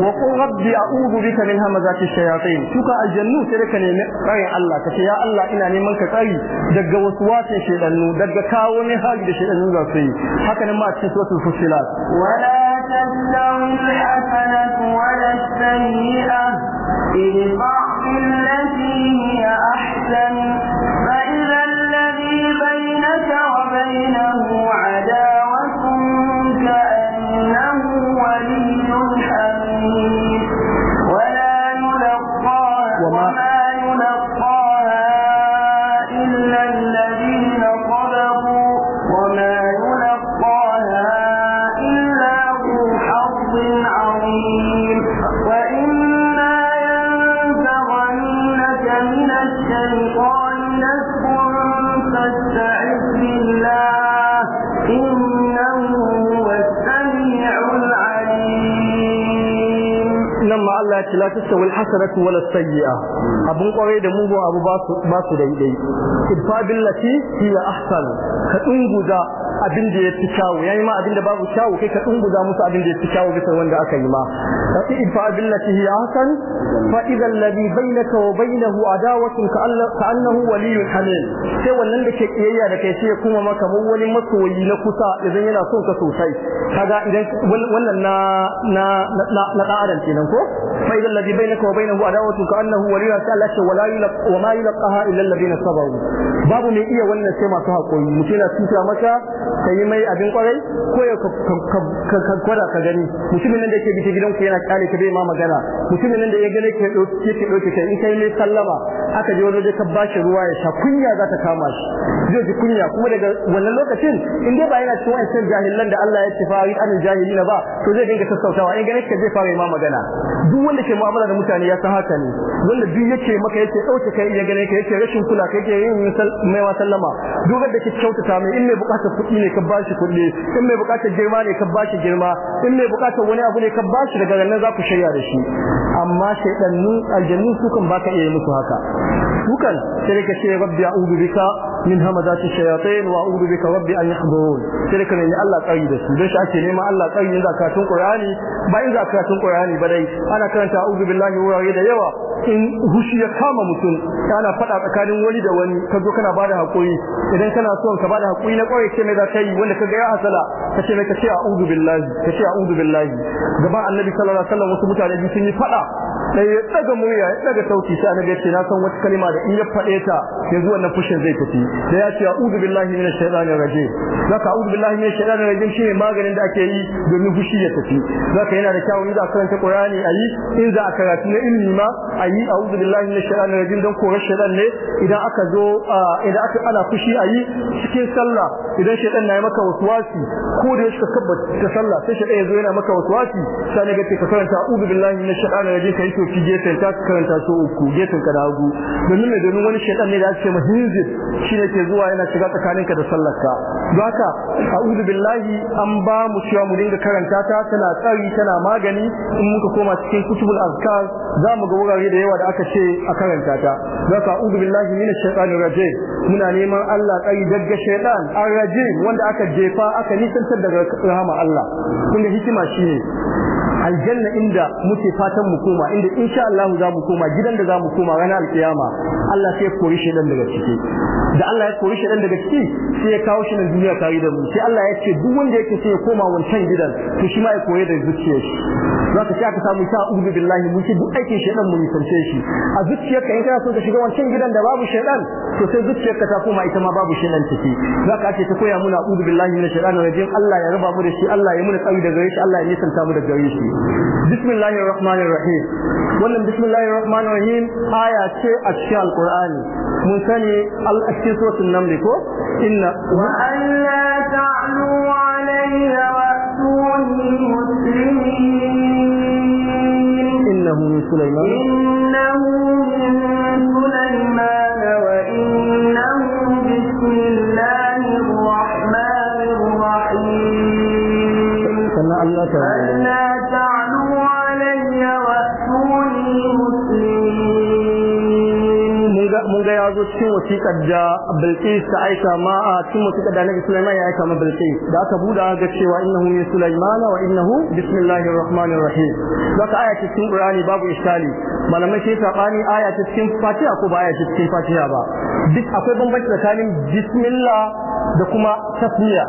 wa qul rabbi a'udhu bika min hamazati shayatin tuka aljannu sai ka nemi tsarin Allah ka ce ya Allah ina neman ka tsari daga wasu wace shedannu daga kawo ne hali da shedannu za haka nan ma cikin suratul fusilat wala الحسنة ولا السيئة ادفع بالتي هي أحسن tastawi alhasanatu wala sayyi'a abun kwarai da mugu abu ba su ba su daidai idfa billati hiya ahsan ka dunguza abin da ya fi kyawu yayi ma abin da babu kyawu kai ka dunguza musu abin da ya fi kyawu bisa wanda aka yi ma fa ifa billati hi ahsan fa idha alladhi bainaka wa bainahu adawatun ka annahu waliyyun hamil sai wannan da ke kiyayya da kai sai kuma maka mun wani masoyi na kusa idan yana son ka sosai kaga idan wannan na na na na kenan ko fa idha alladhi bainaka wa bainahu adawatun ka annahu waliyyun Allah ce wala yulqa wa ma yulqaha illa alladhina sabaru babu mai iya wannan sai masu hakuri mutum na tuta maka ka yi mai abin kwarai ko ya ka ka gani mutumin nan da yake bita gidanku yana kare ka bai ma magana mutumin nan da ya gane ka yake ɗauke ka in kai mai sallama aka ji wani ka ba ruwa ya sha kunya za ta kama shi zai ji kunya kuma daga wannan lokacin in dai ba yana cikin wa'ancan jahilan da Allah ya tafari an jahilina ba to zai dinga sassautawa in gane ka zai fara ma magana duk wanda ke mu'amala da mutane ya san haka ne wanda duk yake maka yake ɗauke kai ya gane ka yake rashin kula kai yake yin mai sallama duk da ke kyautata mai in mai bukatar kuɗi ilimi ne ka bashi in mai bukatar girma ne ka bashi girma in mai bukatar wani abu ne ka bashi daga nan za ku shirya da shi amma shaydannu aljannu sukan baka iya musu haka Dukan sai ka ce rabbi a'udhu bika min hamazati shayatin wa a'udhu bika rabbi an yahdurun sai ka nemi Allah tsari da su dan shi ake nema Allah tsari in zakatun Qur'ani ba in zakatun Qur'ani ba dai ana karanta a'udhu billahi wurare da yawa in hushi ya kama mutum kana fada tsakanin wani da wani kazo kana bada hakuri idan kana son ka bada hakuri na kwarai ce mai za ta yi wanda ka ga ya hasala ka ce mai ka ce a'udhu billahi ka ce a'udhu billahi gaban annabi sallallahu alaihi wasallam wasu mutane biyu sun yi fada sai ya daga murya ya daga sauti sai na ga ce na san wata kalma da in ya fade ta yanzu nan fushin zai tafi sai ya ce a'udhu billahi minash shaitanir rajim zaka a'udhu billahi minash shaitanir rajim shine maganin da ake yi domin fushi ya tafi zaka yana da kyau in a karanta Qur'ani ayi in za a karatu na ilimi ma ayi a'udhu billahi minash shaitanir rajim don korar shaitan ne idan aka zo idan aka ana fushi ayi cikin sallah idan shaitan na yi maka waswasi ko da yake kabbata sallah sai shaitan ya zo yana maka waswasi sai ne ga ka karanta a'udhu billahi minash shaitanir rajim kai soki gefen ta karanta so uku gefen ka da hagu domin mai domin wani shedan ne da ake ma hinzir shi ne ke zuwa yana shiga tsakaninka da sallarka don haka a'udhu billahi an ba mu cewa mu dinga karanta ta tana tsari tana magani in muka koma cikin kutubul azkar za mu ga wurare da yawa da aka ce a karanta ta don haka a'udhu billahi minash shaitanir raje, muna neman Allah tsari daga shaitan an raje wanda aka jefa aka nisantar daga rahama Allah kun hikima shine aljanna inda muke fatan mu koma inda insha Allah za mu koma gidan da za mu koma ranar alkiyama Allah sai ya kori shi dan daga ciki da Allah ya kori shi dan daga ciki sai ya kawo shi nan duniya tare da mu sai Allah ya ce duk wanda yake sai ya koma wancan gidan to shi ma ya koyi da zuciyar shi za ka ka samu sha ubu billahi mun ci duk aikin shaidan mu nisance shi a zuciyarka in kana so ka shiga wancan gidan da babu shaidan to sai ka ta koma ita ma babu shaidan ciki za ka ce ta koya muna ubu billahi min shaitanir rajim Allah ya raba mu da shi Allah ya muna tsayi da gare shi Allah ya nisanta mu da gare shi bismillahir rahmanir rahim wannan bismillahir rahmanir rahim aya ce a cikin alqur'ani mun sani al-ashir suratul ko inna wa alla ta'lu alayya wa tuni innahu min sulaiman innahu min sulaiman wa innahu bismillahir rahmanir rahim allah ta'ala kun ga ya zo cikin wasiƙar da Bilqis ta aika ma a cikin wasiƙar da Annabi Sulaiman ya aika ma Bilqis da aka buɗa ga cewa innahu min Sulaiman wa innahu bismillahir rahmanir rahim daga aya ta cikin Qur'ani babu iskali malamai sai sabani aya ta cikin Fatiha ko ba aya ta cikin Fatiha ba duk akwai bambanci tsakanin bismillah da kuma tasmiya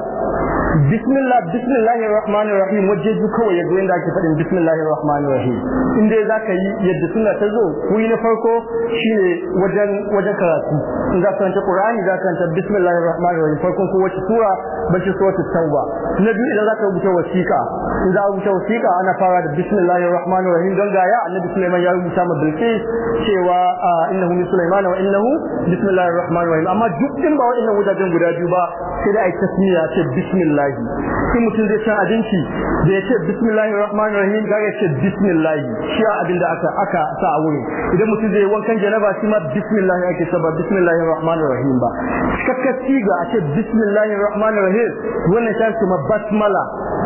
bismillah bismillahir rahmanir rahim waje ji kawai ya inda ake fadin. bismillahir rahmanir rahim in dai zaka yi yadda sunna ta zo kuyi na farko shine wajen wajen karatu in za ka ranta qur'ani za ka ranta bismillahir rahmanir rahim farkon ko wace sura bace suratul tauba na biyu idan za ka rubuta wasiqa in za ka rubuta wasiqa ana fara da bismillahir rahmanir rahim don ga ya annabi Sulaiman ya rubuta ma Bilqis cewa ah, innahu min Sulaiman wa innahu bismillahir rahmanir rahim amma duk din ba wa'annan wajajen guda biyu ba sai da ai tasmiya ce bismillah bismillah mutum zai cin abinci da ya ce bismillahir rahmanir rahim ga ya ce shi abinda aka aka sa a idan mutum zai wankan janaba shi ma bismillah ake sa ba bismillahir rahmanir rahim ba kakkaci ga a ce bismillahir rahmanir rahim wannan shi kuma basmala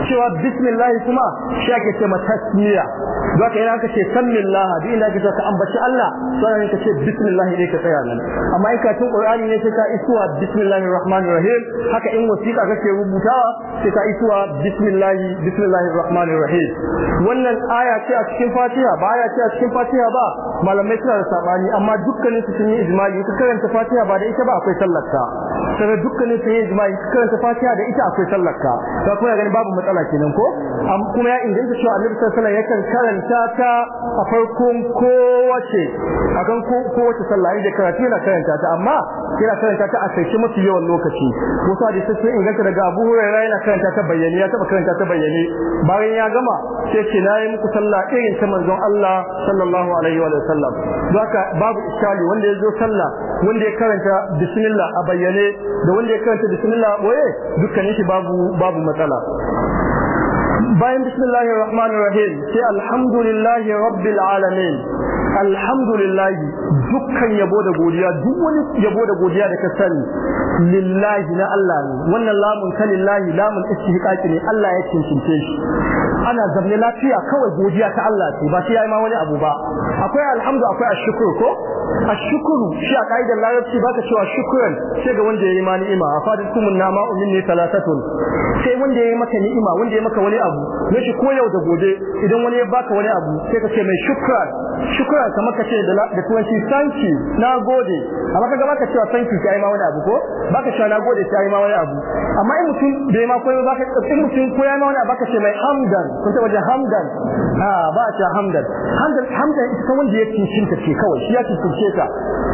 cewa bismillah kuma shi ake ce ma tasmiya zaka yana kace sammillah duk inda kake ka ambaci Allah sai ka ce bismillah ne ka tsaya nan amma in ka tun qur'ani ne sai ka isuwa bismillahir rahmanir rahim haka in wasiqa kake rubuta fatiha sai ka isuwa bismillahi bismillahi rahmanir rahim wannan aya ce a cikin fatiha ba aya ce a cikin fatiha ba malamai suna da sabani amma dukkanin su sun yi ijma'i su karanta fatiha ba da ita ba akwai sallarka sai dukkanin sun yi ijma'i su karanta fatiha da ita akwai sallarka ka ya gani babu matsala kenan ko kuma ya inganta shi annabi sallallahu alaihi wasallam yakan karanta ta a farkon kowace akan kowace sallah inda karatu yana karanta ta amma yana karanta ta a sai mafi yawan lokaci wasu hadisi sun inganta daga Abu Hurairah hurairah yana karanta ta bayyane ya taba karanta ta bayyane bayan ya gama sai ce nayi muku sallah irin ta manzon Allah sallallahu alaihi wa sallam haka babu iskali wanda ya zo sallah wanda ya karanta bismillah a bayyane da wanda ya karanta bismillah boye dukkanin shi babu babu matsala bayan bismillahir rahmanir rahim sai alhamdulillahi rabbil alamin alhamdulillahi dukkan yabo da godiya duk wani yabo da godiya da ka sani lillahi na Allah ne wannan lamun ta lillahi lamun istihqaqi ne Allah ya cincince shi ana zabne lafiya kawai godiya ta Allah ce ba shi yayi ma wani abu ba akwai alhamdu akwai ashkur ko ashkur shi a kaidar larabci baka cewa shukran sai ga wanda yayi ma ni'ima kumun nama minni thalathatun sai wanda yayi maka ni'ima wanda yayi maka wani abu ne shi ko yau da gobe idan wani ya baka wani abu sai ka ce mai shukran shukran kamar ka ce da shi thank you gode amma kaga baka cewa thank you sai ma wani abu ko baka cewa gode sai ma wani abu amma in mutum bai ma koyo baka in mutum koya ma wani abu baka ce mai hamdan kun taba jin hamdan a ba ta hamdan hamdan hamdan ita wanda ya cikin ta kawai shi ya cincince ta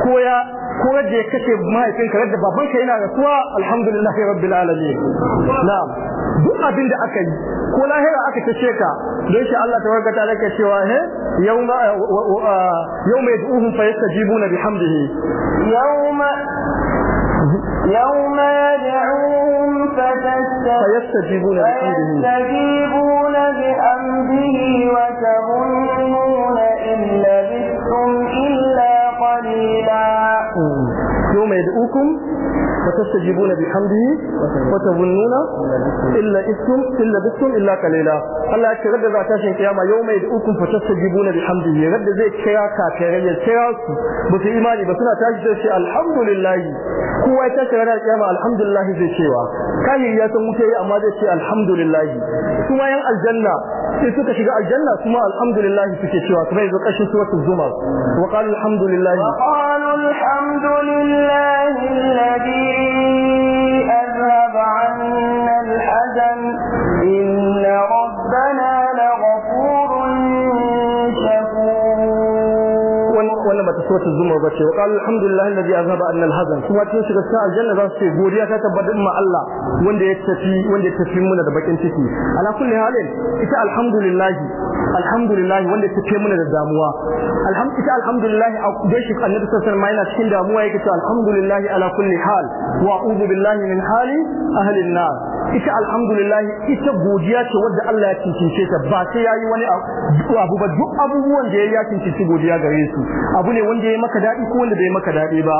ko ya ko da ya kashe mahaifinka da babanka yana rasuwa alhamdulillah rabbil alamin na'am duk abin da aka yi ko lahira aka ce ka don shi Allah tabaraka ta lake cewa he yawma yawma yad'uhum fa bihamdihi yawma يوم يدعوهم فيستجيبون بحمده فيستجيبون بحمده وتظنون إن لبثتم إلا قليلا يوم يدعوكم fatastajibuna bihamdihi wa tazunnuna illa istum illa bistum illa qalila Allah ya ce radda za ta shin kiyama yawma yad'ukum fatastajibuna bihamdihi radda zai kira ka kare ya kira su ba su imani ba suna tashi sai ce alhamdulillah ya tashi ranar kiyama alhamdulillah zai cewa kai ya san wuce amma zai ce alhamdulillah kuma yan aljanna sai suka shiga aljanna kuma alhamdulillah suke cewa kuma yanzu kashin suratul zumar wa qalu alhamdulillah wa qalu alhamdulillah alladhi azhaba 'anna al suratul zumar bace wa qala alhamdulillahi alladhi azhaba anna alhazan kuma cikin shiga cikin aljanna za su ce godiya ta tabbata ma Allah wanda ya tafi wanda ya tafi muna da bakin ciki ala kulli halin ita alhamdulillah alhamdulillah wanda ya tafi muna da damuwa ita alhamdulillah a gaishe annabi sallallahu alaihi wasallam yana cikin damuwa yake cewa alhamdulillah ala kulli hal wa a'udhu billahi min hali ahli an-nar ita alhamdulillah ita godiya ce wanda Allah ya cincince ta ba sai yayi wani abu ba duk abubuwan da ya cincince godiya gare su abu ne wanda wanda ya maka dadi ko wanda bai maka dadi ba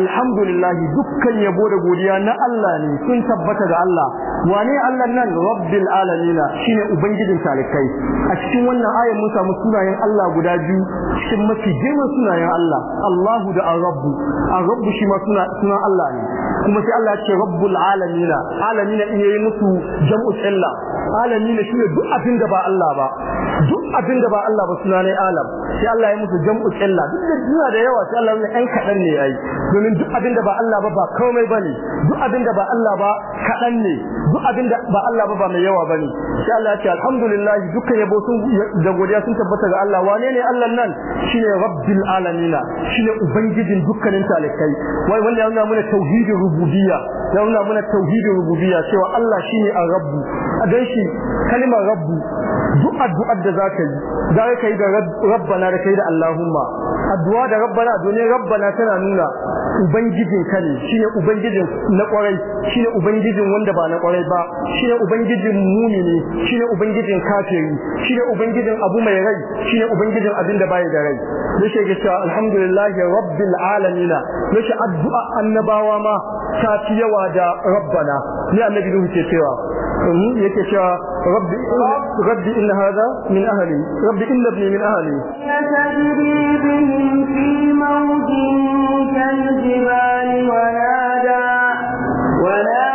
alhamdulillah dukkan yabo da godiya na Allah ne sun tabbata ga Allah wane Allah nan rabbil alamin shine ubangijin talikai a cikin wannan ayar mun samu sunayen Allah guda biyu cikin mafi girman sunayen Allah Allahu da ar-rabb ar-rabb shi ma suna Allah ne kuma sai Allah ya ce rabbul alamin alamin ne yi musu jam'u illa alamin shine duk abin da ba Allah ba duk abin da ba Allah ba suna ne alam sai Allah ya musu jam'u illa duk da suna da yawa sai Allah ne ɗan kaɗan ne yayi domin duk abin da ba Allah ba ba komai bane duk abin da ba Allah ba kaɗan ne duk abin da ba Allah ba ba mai yawa bane sai Allah ya ce alhamdulillah dukkan yabo sun da godiya sun tabbata ga Allah wane ne Allah nan shine rabbil alamina shine ubangijin dukkanin talikai wai wanda yana mana tauhidin rububiyya yana mana tauhidin rububiyya cewa Allah shine a rabbu a dan shi kalimar rabbu duk addu'ar da zaka yi zaka kai ga rabbana da kai da allahumma addu'a da rabbana dole rabbana tana nuna ubangijin ka ne shine ubangijin na kwarai shine ubangijin wanda ba na kwarai ba shine ubangijin ne shine ubangijin kafiri shine ubangijin abu mai rai shine ubangijin abinda bai da rai dace ga cewa alhamdulillah rabbil alamin dace addu'a annabawa ma ta fi yawa da rabbana ne annabi yake cewa hmm, yake cewa rabbi rabbi in hada من أهلي رب إن ابني من أهلي تجري بهم في موج كالجبال ونادى ونادى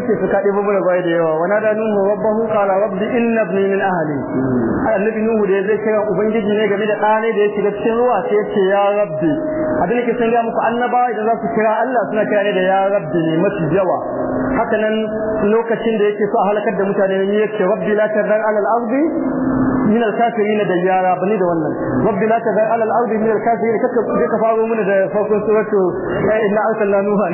wuce su kaɗe babu da da yawa wana da nuhu rabbahu qala rabbi inna ibni min ahli annabi nuhu da zai kira ubangiji ne game da ɗane da yake da cikin ruwa sai yace ya rabbi abin da ke san muku annaba idan za su kira Allah suna kira ne da ya rabbi ne mafi yawa haka nan lokacin da yake so a halakar da mutane ne yake rabbi la tardan alal ardi من الكافرين ديارا بني دو رب لا تذر على الارض من الكافرين كتب كفاروا من ذا فوق سورته إيه، ان ارسلنا نوحا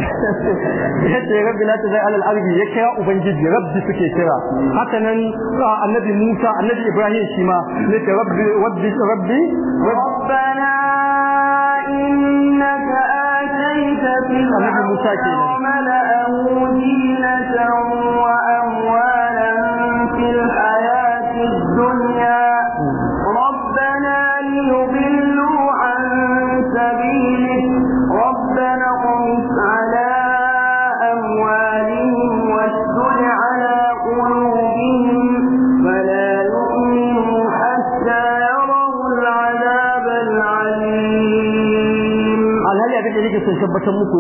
رب لا تذر على الارض يكرا وبنجي رب سكي كرا حتى آه، النبي موسى النبي ابراهيم شيما نتي رب ودي ربي ربنا انك اتيت في الارض ملأه دينة واموالا in tabbatar muku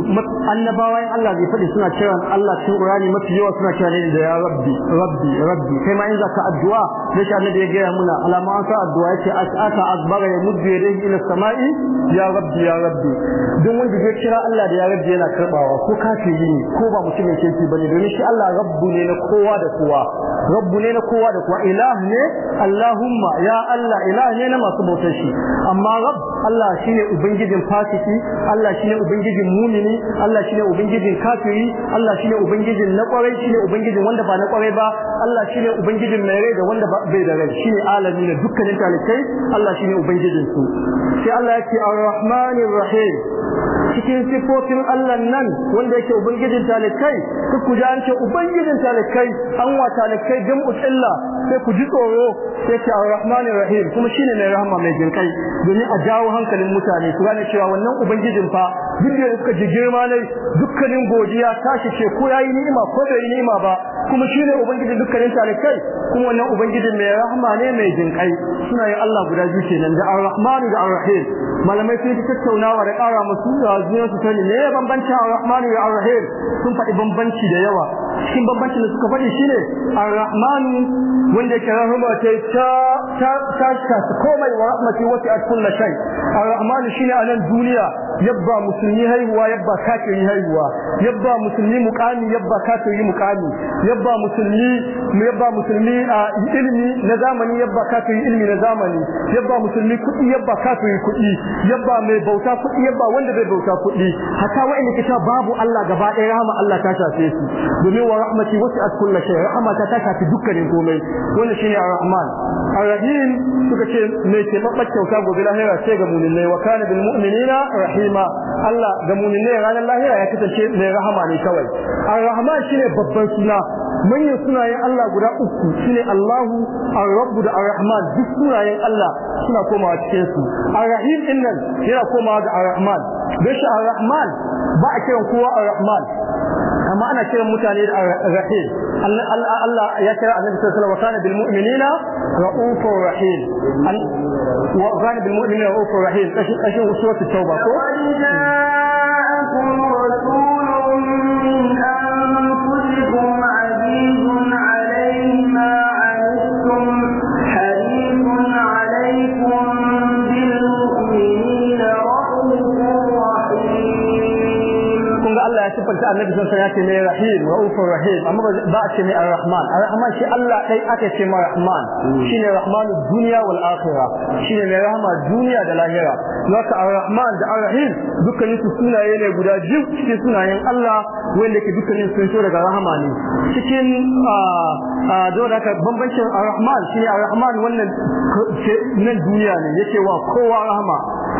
annabawa in Allah zai faɗi suna cewa Allah cikin Qur'ani mafi yawa suna cewa ne da ya rabbi rabbi rabbi kai ma in zaka addu'a sai shi annabi ya gaya muna alama an sa addu'a yace as'aka azbara ya muddu yadayhi ila samai ya rabbi ya rabbi don wanda zai kira Allah da ya rabbi yana karbawa ko kafiri ne ko ba mutumin kirki bane domin shi Allah rabbu ne na kowa da kowa rabbu ne na kowa da kowa ilah ne Allahumma ya Allah ilah ne na masu bautar shi amma rabb Allah shi ne ubangijin fasiki Allah shi ne ubangijin mumini Allah shi ne ubangijin kafiri Allah shi ne ubangijin na kwarai ne ubangijin wanda ba na kwarai ba Allah shi ne ubangijin mai rai da wanda bai da rai shi ne alami na dukkanin talikai Allah shi ne ubangijin su sai Allah ya ce ar-rahmanir rahim cikin sifofin Allah nan wanda yake ubangijin talikai ku ku an ce ubangijin talikai an wa talikai jam'u illa sai ku ji tsoro sai ce ar-rahmanir rahim kuma ne mai rahama mai jinkai domin a jawo hankalin mutane su gane cewa wannan ubangijin fa duk da suka ji girma ne dukkanin godiya tashi ce ko yayi ni'ima ko bai yi ni'ima ba kuma shine ubangijin dukkanin kai kuma wannan ubangijin mai rahma ne mai jinkai suna yin Allah guda biyu kenan da Ar-Rahman da Ar-Rahim malamai sun tattaunawa da ƙara musu da zuwa su sani ne bambanci Ar-Rahman da Ar-Rahim sun faɗi bambanci da yawa cikin bambancin da suka faɗi shine Ar-Rahman wanda ke rahama ta ta ta komai wa rahmati wasi'at kulli shay' ar shi ne a nan duniya yabba musulmi haihuwa yabba kafin yi haihuwa yabba musulmi mukami yabba kafiri muqami yabba musulmi yabba musulmi a ilimi na zamani yabba kafin yi ilimi na zamani yabba musulmi kudi yabba kafiri kuɗi. yabba mai bauta kuɗi yabba wanda bai bauta kudi hatta wa'in ta babu Allah gaba ɗaya rahama Allah ta shafe su domin wa rahmati wasi'at kulli shay rahama ta ta shafi dukkanin komai wannan shine ar-rahman ar-rahim suka ce mai taimakon kyauta gobe lahira sai ga ga mu'minai wa kana bil mu'minina rahima Allah ga mu'minai ranar lahira ya kasance mai rahama ne kawai ar-rahman shine babban suna manyan sunayen Allah guda uku shine Allahu ar-rabbu da ar-rahman duk sunayen Allah suna komawa cikin su ar-rahim din nan yana komawa ga ar-rahman bisha ar-rahman ba a kiran kowa ar-rahman amma ana kiran mutane da rahim Allah ya kira annabi sallallahu alaihi wasallam kana bil mu'minina ra'ufur rahim wa kana bil mu'minina rahim kashin kashin tauba ko da annabi sun alaihi ya ce ne rahim raufur rahim amma ba a ce ne arrahman arrahman shi Allah dai aka ce ma rahman hmm. ne rahmanu duniya wal shi ne mai rahama duniya da lahira haka arrahman da arrahim dukkanin su sunaye ne guda biyu cikin sunayen Allah wanda ke dukkanin sun so daga rahama ne cikin a don haka bambancin arrahman shine arrahman wannan nan duniya ne yake wa kowa rahama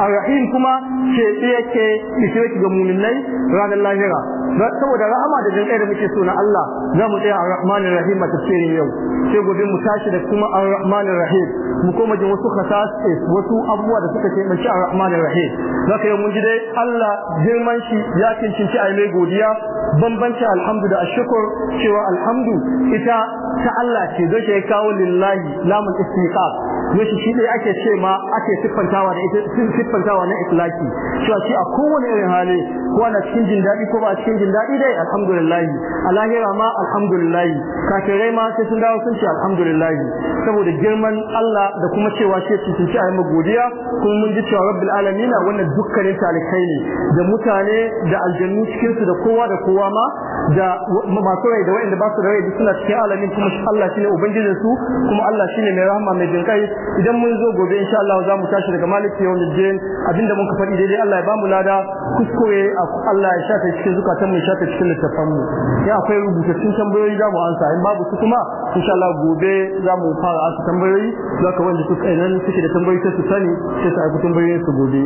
arrahim kuma ce yake ke ga mu'minai ranar lahira saboda rahama da jinkai da muke so na Allah za mu tsaya ar-rahmanir rahim a tafsirin yau sai gobe mu tashi da kuma ar-rahmanir rahim mu koma ji wasu khasasis wasu abubuwa da suka taimaki ar-rahmanir rahim zaka yau mun ji dai Allah girman shi ya kincinci ai mai godiya bambanci alhamdu da ashkur cewa alhamdu ita ta Allah ce zai kawo lillahi lamun istiqaq yace shi ne ake ce ma ake siffantawa da ita siffantawa na ikhlasi cewa shi a kowane irin hali ko na cikin jin dadi ko ba cikin jin dadi dai alhamdulillah alahira ma alhamdulillah kafirai ma sai sun dawo sun ce alhamdulillah saboda girman Allah da kuma cewa shi su tunci ayi magodiya kuma mun ji cewa rabbil alamin wannan dukkanin talikai ne da mutane da aljannu cikin su da kowa da kowa ma da masu rai da waɗanda ba su da rai suna cikin alamin kuma Allah shine su kuma Allah shine mai rahama mai jinkai idan mun zo gobe insha Allah za mu tashi daga maliki yawmiddin abinda ka faɗi daidai Allah ya ba mu lada kuskure Allah ya shafe cikin zukatan mu shafe cikin littafan mu ya akwai rubutaccen tambayoyi za mu ansa in babu su kuma insha Allah gobe za mu fara ansa tambayoyi za ka wanda suka nan suke da tambayoyi sai su sani sai su aiki tambayoyin su gobe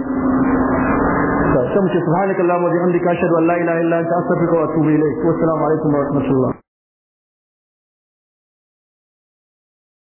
sai mu ce subhanakallahumma wa bihamdika ashhadu an la ilaha illa anta astaghfiruka wa atubu ilaik wa assalamu alaikum wa rahmatullah